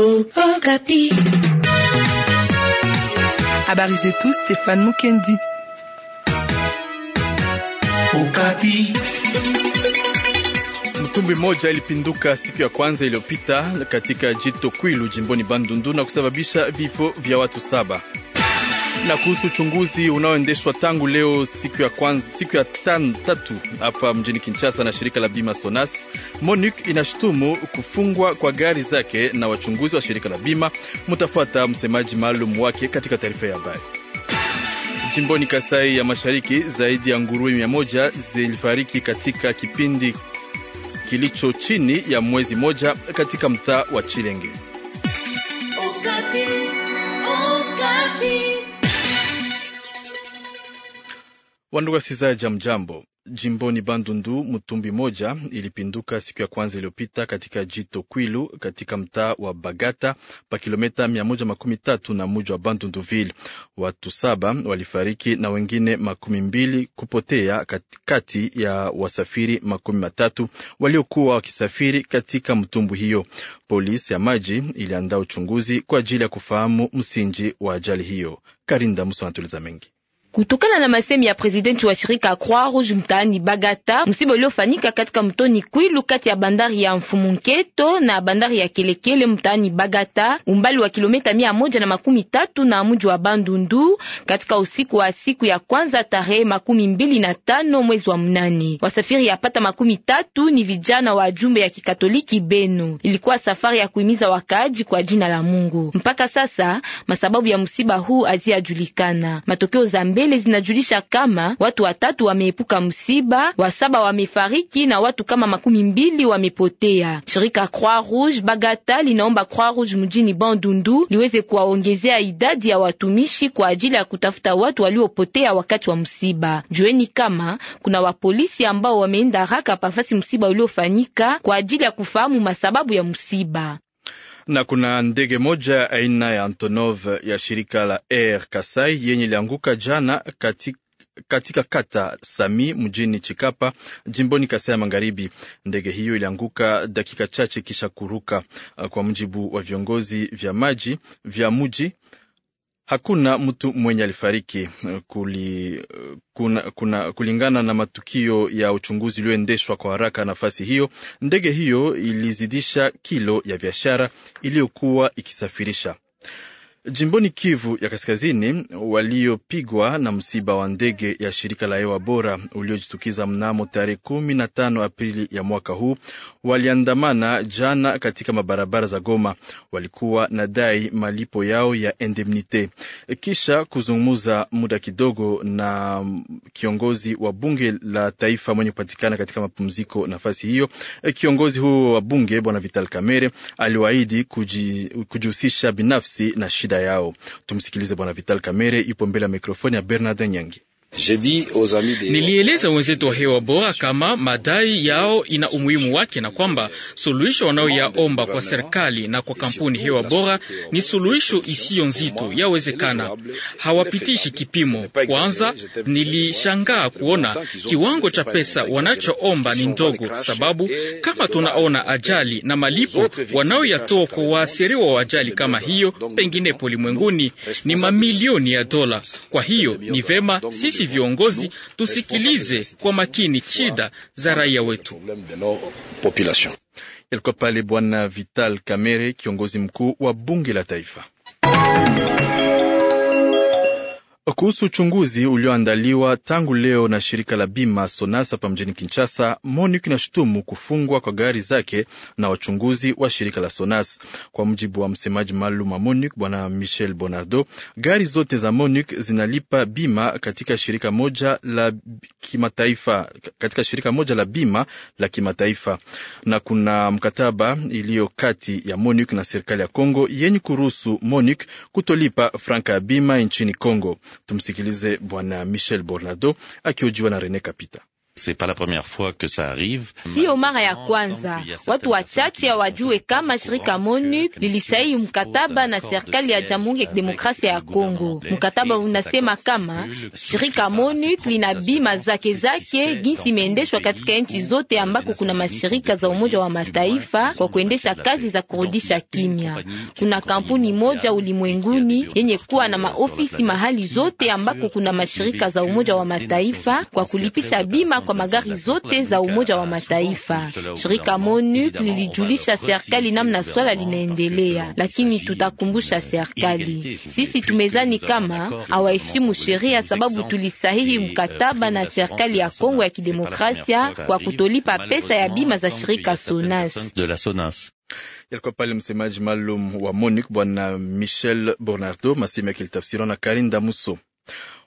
Oh, Okapi. Oh, zetu Stefan Mukendi. Okapi. Oh, Mtumbi moja ilipinduka siku ya kwanza iliyopita katika jito Kwilu jimboni Bandundu na kusababisha vifo vya watu saba na kuhusu uchunguzi unaoendeshwa tangu leo siku ya kwanza, siku ya tan, tatu hapa mjini Kinshasa na shirika la bima Sonas, MONUC inashutumu kufungwa kwa gari zake na wachunguzi wa shirika la bima. mutafuata msemaji maalum wake katika taarifa ya habari. Jimboni Kasai ya Mashariki, zaidi ya nguruwe mia moja zilifariki katika kipindi kilicho chini ya mwezi moja katika mtaa wa Chilenge. Wandugu wasikilizaji, jamjambo. Jimboni Bandundu, mtumbi moja ilipinduka siku ya kwanza iliyopita katika jito Kwilu katika mtaa wa Bagata pa makumi tatu na muji wa Bandunduville. Watu saba walifariki na wengine makumi mbili kupotea katikati ya wasafiri makumi matatu waliokuwa wakisafiri katika mtumbu hiyo. Polisi ya maji iliandaa uchunguzi kwa ajili ya kufahamu msingi wa ajali hiyo. Karinda Muso anatuliza mengi Kutokana na masemi ya presidenti wa shirika Croix Rouge mtaani Bagata, msiba uliofanyika katika mtoni Kwilu kati ya bandari ya Mfumunketo na bandari ya Kelekele mtaani Bagata, umbali wa kilomita mia moja na makumi tatu na mji wa Bandundu, katika usiku wa siku ya kwanza tarehe makumi mbili na tano mwezi wa mnani. wasafiri ya pata makumi tatu ni vijana wa jumbe ya kikatoliki Beno. Ilikuwa safari ya kuimiza wakaaji kwa jina la Mungu. Mpaka sasa masababu ya msiba huu haziyajulikana. Matokeo zambi mbele zinajulisha kama watu watatu wameepuka msiba, wasaba wamefariki na watu kama makumi mbili wamepotea. Shirika Croix Rouge Bagata linaomba Croix Rouge mjini Bandundu liweze kuwaongezea idadi ya watumishi kwa ajili ya kutafuta watu waliopotea wakati wa msiba. Jueni kama kuna wapolisi ambao wameenda haraka pafasi msiba uliofanyika kwa ajili ya kufahamu masababu ya msiba na kuna ndege moja aina ya Antonov ya shirika la Air Kasai yenye ilianguka jana katika katika kata Sami mjini Chikapa jimboni Kasai ya Magharibi. Ndege hiyo ilianguka dakika chache kisha kuruka, kwa mujibu wa viongozi vya maji vya muji Hakuna mtu mwenye alifariki kuli, kuna, kuna, kulingana na matukio ya uchunguzi ulioendeshwa kwa haraka nafasi hiyo. Ndege hiyo ilizidisha kilo ya biashara iliyokuwa ikisafirisha. Jimboni Kivu ya Kaskazini, waliopigwa na msiba wa ndege ya shirika la hewa bora uliojitukiza mnamo tarehe tano Aprili ya mwaka huu waliandamana jana katika mabarabara za Goma. Walikuwa na dai malipo yao ya indemnite. Kisha kuzungumza muda kidogo na kiongozi wa bunge la taifa mwenye kupatikana katika mapumziko nafasi hiyo, kiongozi huo wa bunge Bwana Vital Kamerhe aliwaahidi kujihusisha binafsi na shida yao. Tumsikilize Bwana Vital Kamere, yupo mbele ya mikrofoni ya Bernard Nyangi. Nilieleza wenzetu wa hewa bora kama madai yao ina umuhimu wake na kwamba suluhisho wanayoyaomba kwa serikali na kwa kampuni hewa bora ni suluhisho isiyo nzito, yawezekana. Hawapitishi kipimo. Kwanza, nilishangaa kuona kiwango cha pesa wanachoomba ni ndogo, sababu kama tunaona ajali na malipo wanayoyatoa kwa waasiriwa wa ajali kama hiyo, penginepo ulimwenguni, ni mamilioni ya dola. Kwa hiyo ni vema sisi sisi viongozi tusikilize kwa makini shida za raia wetu. Ilikuwa pale Bwana Vital Kamerhe, kiongozi mkuu wa bunge la taifa. Kuhusu uchunguzi ulioandaliwa tangu leo na shirika la bima Sonasa hapa mjini Kinshasa, MONUC inashutumu kufungwa kwa gari zake na wachunguzi wa shirika la Sonas. Kwa mujibu wa msemaji maalum wa MONUC Bwana Michel Bonardo, gari zote za MONUC zinalipa bima katika shirika moja la kimataifa, katika shirika moja la bima la kimataifa, na kuna mkataba iliyo kati ya MONUC na serikali ya congo yenye kuruhusu MONUC kutolipa franka ya bima nchini congo Tumsikilize Bwana Michel Bornardo akihojiwa na Rene Kapita. Siyo mara ya kwanza watu wachache hawajue kama shirika MONU lilisaini mkataba na serikali ya Jamhuri ya Kidemokrasia ya Kongo. Mkataba unasema kama shirika MONU lina bima zake zake ginsi imeendeshwa katika nchi zote ambako kuna mashirika za Umoja wa Mataifa kwa kuendesha kazi za kurudisha kimya. Kuna kampuni moja ulimwenguni yenye kuwa na maofisi mahali zote ambako kuna mashirika za Umoja wa Mataifa kwa kulipisha bima kwa magari zote za Umoja wa Mataifa. Shirika MONUC lilijulisha serikali namna swala linaendelea, lakini tutakumbusha serikali, sisi tumezani kama hawaheshimu sheria, sababu tulisahihi mkataba na serikali ya Kongo ya Kidemokrasia kwa kutolipa pesa ya bima za shirika SONAS. Yalikuwa pale msemaji maalum wa MONUC Bwana Michel Bornardo Masime akilitafsiriwa na Karinda Muso.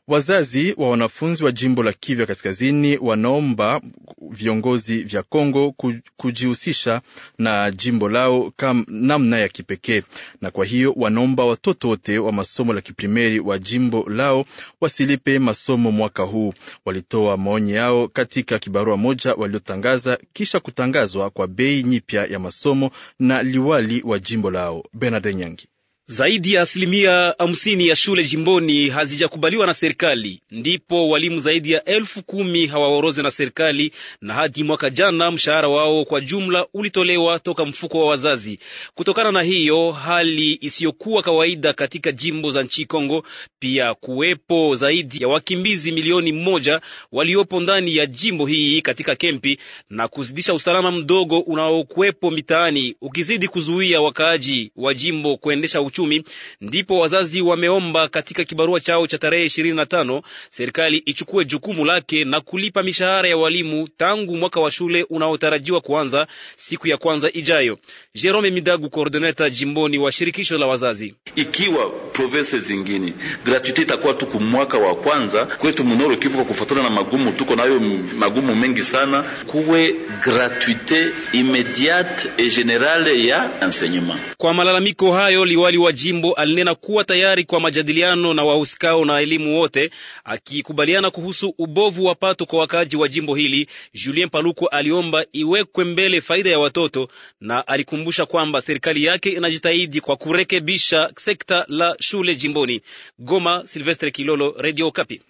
Wazazi wa wanafunzi wa jimbo la Kivu ya Kaskazini wanaomba viongozi vya Kongo kujihusisha na jimbo lao kam namna ya kipekee, na kwa hiyo wanaomba watoto wote wa masomo la kiprimeri wa jimbo lao wasilipe masomo mwaka huu. Walitoa maoni yao katika kibarua moja waliotangaza kisha kutangazwa kwa bei nyipya ya masomo na liwali wa jimbo lao Bernard Nyangi. Zaidi ya asilimia hamsini ya shule jimboni hazijakubaliwa na serikali, ndipo walimu zaidi ya elfu kumi hawaorozwe na serikali, na hadi mwaka jana mshahara wao kwa jumla ulitolewa toka mfuko wa wazazi. Kutokana na hiyo hali isiyokuwa kawaida katika jimbo za nchi Kongo, pia kuwepo zaidi ya wakimbizi milioni moja waliopo ndani ya jimbo hii katika kempi, na kuzidisha usalama mdogo unaokuwepo mitaani ukizidi kuzuia wakaaji wa jimbo kuendesha uchu kiuchumi, ndipo wazazi wameomba katika kibarua chao cha tarehe ishirini na tano serikali ichukue jukumu lake na kulipa mishahara ya walimu tangu mwaka wa shule unaotarajiwa kuanza siku ya kwanza ijayo. Jerome Midagu, koordineta jimboni wa shirikisho la wazazi. Ikiwa provinsi zingine gratuite itakuwa tu kumwaka wa kwanza, kwetu Mnoro Kivu kwa kufuatana na magumu tuko nayo magumu mengi sana, kuwe gratuite immediate et generale ya enseignement. Kwa malalamiko hayo liwali wa wa jimbo alinena kuwa tayari kwa majadiliano na wahusikao na elimu wote, akikubaliana kuhusu ubovu wa pato kwa wakaaji wa jimbo hili. Julien Paluku aliomba iwekwe mbele faida ya watoto na alikumbusha kwamba serikali yake inajitahidi kwa kurekebisha sekta la shule jimboni Goma. Silvestre Kilolo, Radio Kapi.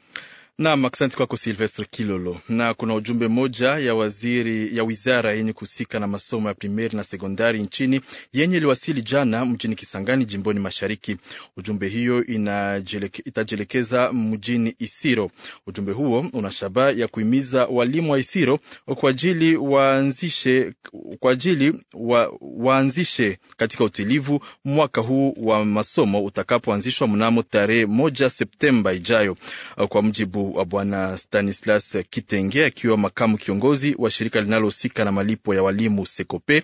Nam, asante kwako Silvestre Kilolo. Na kuna ujumbe moja ya waziri ya wizara yenye kuhusika na masomo ya primeri na sekondari nchini yenye iliwasili jana mjini Kisangani, jimboni Mashariki. Ujumbe hiyo itajielekeza mjini Isiro. Ujumbe huo una shabaha ya kuhimiza walimu wa Isiro kwa ajili waanzishe, kwa ajili wa, waanzishe katika utulivu mwaka huu wa masomo utakapoanzishwa mnamo tarehe moja Septemba ijayo kwa mjibu mkuu Bwana Stanislas Kitenge akiwa makamu kiongozi wa shirika linalohusika na malipo ya walimu Sekope.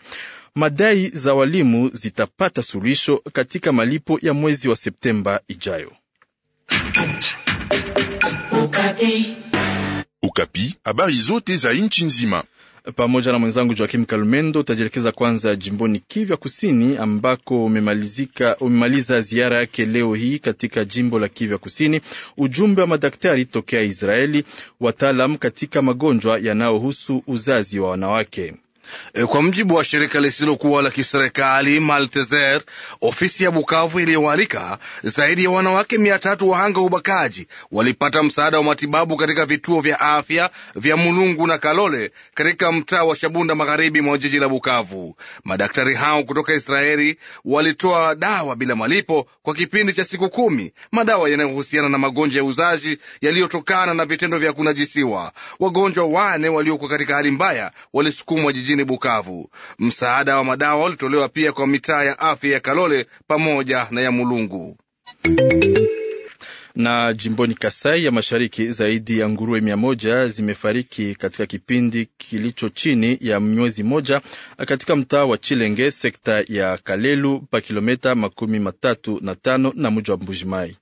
Madai za walimu zitapata suluhisho katika malipo ya mwezi wa Septemba ijayo. Ukapi, habari zote za nchi nzima pamoja na mwenzangu Joakim Kalumendo. utajielekeza kwanza jimboni Kivya Kusini ambako umemaliza ziara yake leo hii katika jimbo la Kivya Kusini ujumbe wa madaktari tokea Israeli, wataalam katika magonjwa yanayohusu uzazi wa wanawake. E, kwa mjibu wa shirika lisilokuwa la kiserikali Malteser, ofisi ya Bukavu iliyoalika zaidi ya wanawake mia tatu wahanga ubakaji walipata msaada wa matibabu katika vituo vya afya vya Mulungu na Kalole katika mtaa wa Shabunda, magharibi mwa jiji la Bukavu. Madaktari hao kutoka Israeli walitoa dawa bila malipo kwa kipindi cha siku kumi, madawa yanayohusiana na magonjwa ya uzazi yaliyotokana na vitendo vya kunajisiwa. Wagonjwa wane waliokuwa katika hali mbaya walisukumwa jijini mjini Bukavu. Msaada wa madawa ulitolewa pia kwa mitaa ya afya ya Kalole pamoja na ya Mulungu na jimboni Kasai ya Mashariki, zaidi ya nguruwe mia moja zimefariki katika kipindi kilicho chini ya mwezi moja katika mtaa wa Chilenge, sekta ya Kalelu, pa kilometa makumi matatu na tano na muji wa Mbujimai.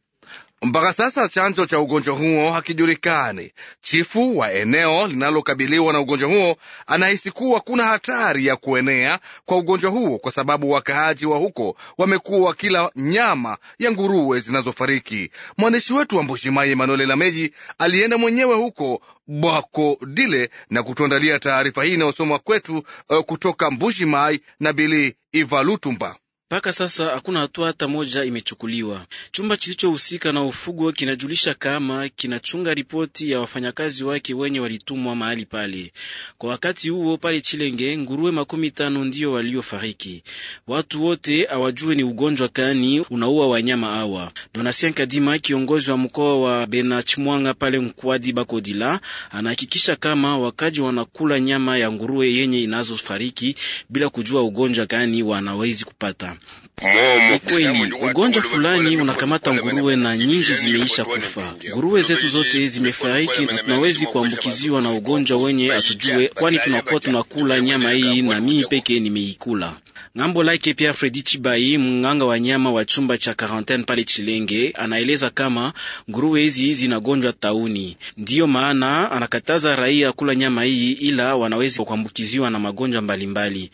Mpaka sasa chanzo cha ugonjwa huo hakijulikani. Chifu wa eneo linalokabiliwa na ugonjwa huo anahisi kuwa kuna hatari ya kuenea kwa ugonjwa huo kwa sababu wakaaji wa huko wamekuwa wakila nyama ya nguruwe zinazofariki. Mwandishi wetu wa mbushimai Emanuele Lameji alienda mwenyewe huko Bwako Dile na kutuandalia taarifa hii inayosomwa kwetu eh, kutoka Mbushimai na Bili Ivalutumba. Mpaka sasa hakuna hatua hata moja imechukuliwa. Chumba kilichohusika na ufugo kinajulisha kama kinachunga ripoti ya wafanyakazi wake wenye walitumwa mahali pale. Kwa wakati huo pale Chilenge, nguruwe makumi tano ndiyo waliofariki. Watu wote hawajue ni ugonjwa kani unaua wanyama hawa. donasien Kadima, kiongozi wa mkoa wa Benachimwanga pale Mkwadi Bakodila, anahakikisha kama wakaji wanakula nyama ya nguruwe yenye inazofariki bila kujua ugonjwa kani wanawezi kupata. Ni kweli ugonjwa fulani unakamata nguruwe na nyingi zimeisha kufa. Nguruwe zetu zote zimefariki, na tunawezi kuambukiziwa na ugonjwa wenye hatujue, kwani tunakuwa tunakula nyama hii na mimi peke nimeikula. Ngambo lake pia Fredi Chibai, mnganga wa nyama wa chumba cha karantene pale Chilenge, anaeleza kama nguruwe hizi zinagonjwa tauni, ndiyo maana anakataza raia kula nyama hii, ila wanaweza kuambukiziwa na magonjwa mbalimbali.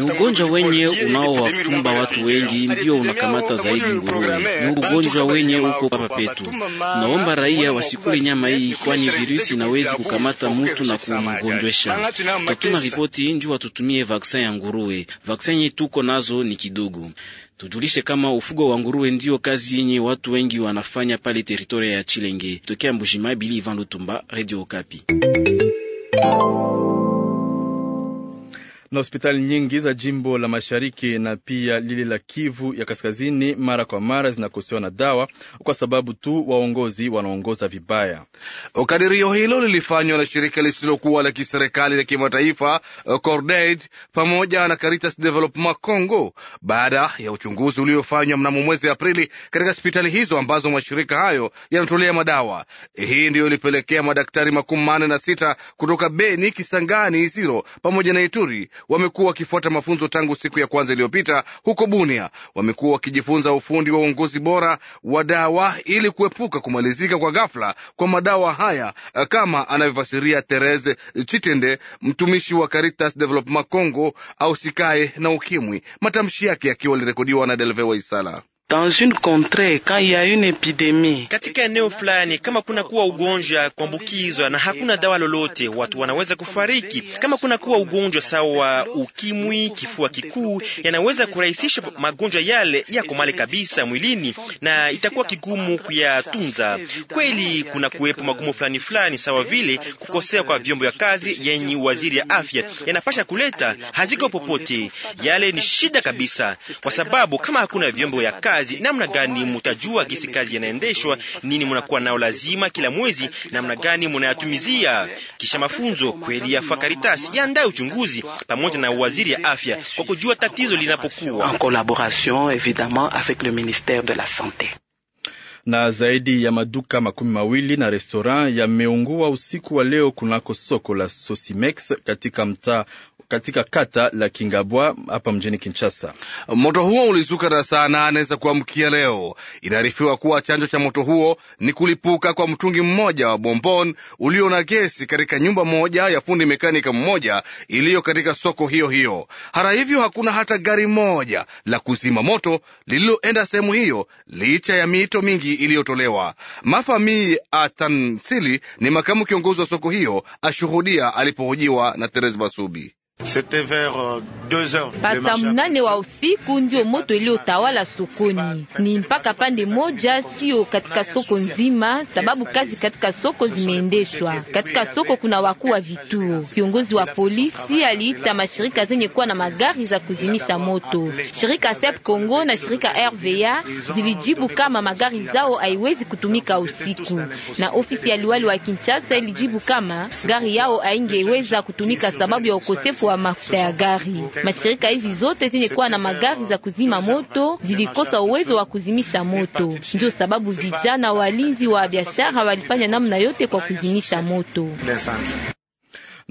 Ni ugonjwa wenye unaowakumba watu wengi, ndiyo unakamata zaidi nguruwe. Ni ugonjwa wenye uko papa petu. Naomba raia wasikule nyama hii, kwani virusi inawezi kukamata mutu na kumgonjwesha. Tatuma ripoti njua watutumie vaksin ya nguruwe nguruwe. Vaksini tuko nazo ni kidogo. Tujulishe kama ufugo wa nguruwe ndio kazi yenye watu wengi wanafanya pale teritoria ya Chilenge. Tokea Mbujimayi, Bili Ivan Lutumba, Radio Okapi na hospitali nyingi za jimbo la mashariki na pia lile la Kivu ya kaskazini mara kwa mara zinakosewa na dawa kwa sababu tu waongozi wanaongoza vibaya. Kadirio hilo lilifanywa na shirika lisilokuwa la kiserikali la kimataifa eh, Cordaid pamoja na Caritas Development Congo baada ya uchunguzi uliofanywa mnamo mwezi Aprili katika hospitali hizo ambazo mashirika hayo yanatolea madawa. Hii ndiyo ilipelekea madaktari makumi manne na sita kutoka Beni, Kisangani, Isiro pamoja na Ituri wamekuwa wakifuata mafunzo tangu siku ya kwanza iliyopita huko Bunia. Wamekuwa wakijifunza ufundi wa uongozi bora wa dawa ili kuepuka kumalizika kwa ghafla kwa madawa haya, eh, kama anavyofasiria Therese Chitende, mtumishi wa Caritas Development Congo au sikae na ukimwi, matamshi yake yakiwa alirekodiwa na Delve Waisala dans une contrée quand il y a une épidémie. katika eneo fulani kama kuna kuwa ugonjwa kuambukizwa na hakuna dawa lolote, watu wanaweza kufariki. Kama kuna kuwa ugonjwa sawa ukimwi, kifua kikuu, yanaweza kurahisisha magonjwa yale yako mali kabisa mwilini na itakuwa kigumu kuyatunza. Kweli kuna kuwepo magumu fulani fulani, sawa vile kukosea kwa vyombo vya kazi yenye waziri ya afya yanapasha kuleta haziko popote. Yale ni shida kabisa, kwa sababu kama hakuna vyombo ya kazi kazi. Namna gani mutajua gisi kazi yanaendeshwa? Nini munakuwa nao lazima kila mwezi? Namna gani munayatumizia? Kisha mafunzo kweli ya Fakaritas yaandaye uchunguzi pamoja na waziri ya afya kwa kujua tatizo linapokuwa, en collaboration évidemment avec le ministère de la santé na zaidi ya maduka makumi mawili na restoran yameungua usiku wa leo kunako soko la Sosimex katika mtaa katika kata la Kingabwa hapa mjini Kinshasa. Moto huo ulizuka na saa nane za kuamkia leo. Inaarifiwa kuwa chanzo cha moto huo ni kulipuka kwa mtungi mmoja wa bombon ulio na gesi katika nyumba moja ya fundi mekanika mmoja iliyo katika soko hiyo hiyo. Hata hivyo, hakuna hata gari moja la kuzima moto lililoenda sehemu hiyo licha ya miito mingi iliyotolewa. Mafamii Atansili ni makamu kiongozi wa soko hiyo, ashuhudia alipohojiwa na Teres Basubi. Pata euh, mnane wa usiku ndio moto iliyotawala sokoni, ni mpaka pande moja, sio katika soko nzima, sababu kazi katika soko zimeendeshwa. Katika soko kuna wakuu wa vituo. Kiongozi wa polisi aliita mashirika zenye kuwa na magari za kuzimisha moto. Shirika SEP Congo na shirika RVA zilijibu kama magari zao haiwezi kutumika usiku, na ofisi ya liwali wa Kinshasa ilijibu kama gari yao haingeweza kutumika sababu ya ukosefu wa mafuta ya gari. Mashirika hizi zote kuwa na magari za kuzima moto, zilikosa uwezo wa kuzimisha moto. Ndio sababu vijana walinzi wa biashara walifanya namna yote kwa kuzimisha moto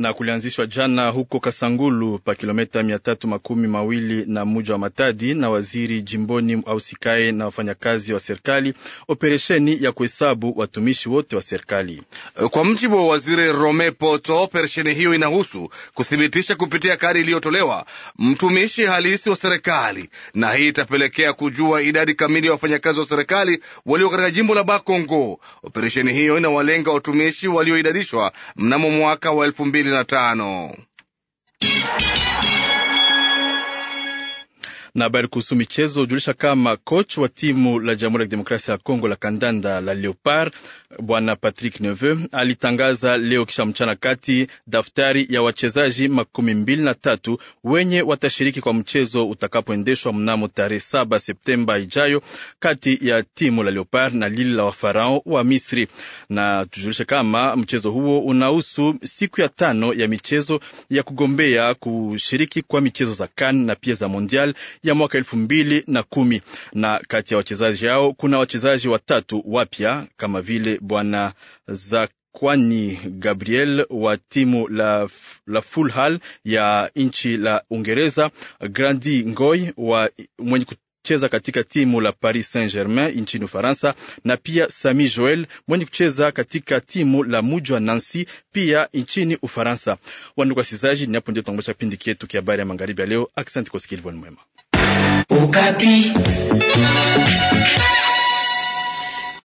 na kulianzishwa jana huko Kasangulu pa kilomita mia tatu makumi mawili na muja wa Matadi na waziri jimboni au sikae na wafanyakazi wa serikali, operesheni ya kuhesabu watumishi wote wa serikali. Eh, kwa mjibu wa waziri Rome Poto, operesheni hiyo inahusu kuthibitisha kupitia kadi iliyotolewa mtumishi halisi wa serikali, na hii itapelekea kujua idadi kamili ya wafanyakazi wa serikali walio katika jimbo la Bakongo. Operesheni hiyo inawalenga watumishi walioidadishwa mnamo mwaka wa elfu mbili 25 Na habari kuhusu michezo hujulisha kama kocha wa timu la Jamhuri ya Kidemokrasia ya Kongo la kandanda la Leopard bwana Patrick Neveu alitangaza leo kisha mchana kati daftari ya wachezaji makumi mbili na tatu wenye watashiriki kwa mchezo utakapoendeshwa mnamo tarehe saba Septemba ijayo kati ya timu la Leopard na lili la Wafarao wa Misri. Na tujulishe kama mchezo huo unahusu siku ya tano ya michezo ya kugombea kushiriki kwa michezo za CAN na pia za Mondial ya mwaka elfu mbili na kumi na kati ya wachezaji hao kuna wachezaji watatu wapya kama vile bwana Zak kwani Gabriel wa timu la, la hall ya nchi la Uingereza, Grandi Ngoy wa mwenye kucheza katika timu la Paris Saint-Germain nchini Ufaransa, na pia Sami Joel mwenye kucheza katika timu la mujwa Nancy pia nchini Ufaransa. Wandugu wasikilizaji, ni hapo ndio tunakomesha kipindi chetu habari ya magharibi ya leo. Aksanti kwa usikilivu mwema. Ukapi.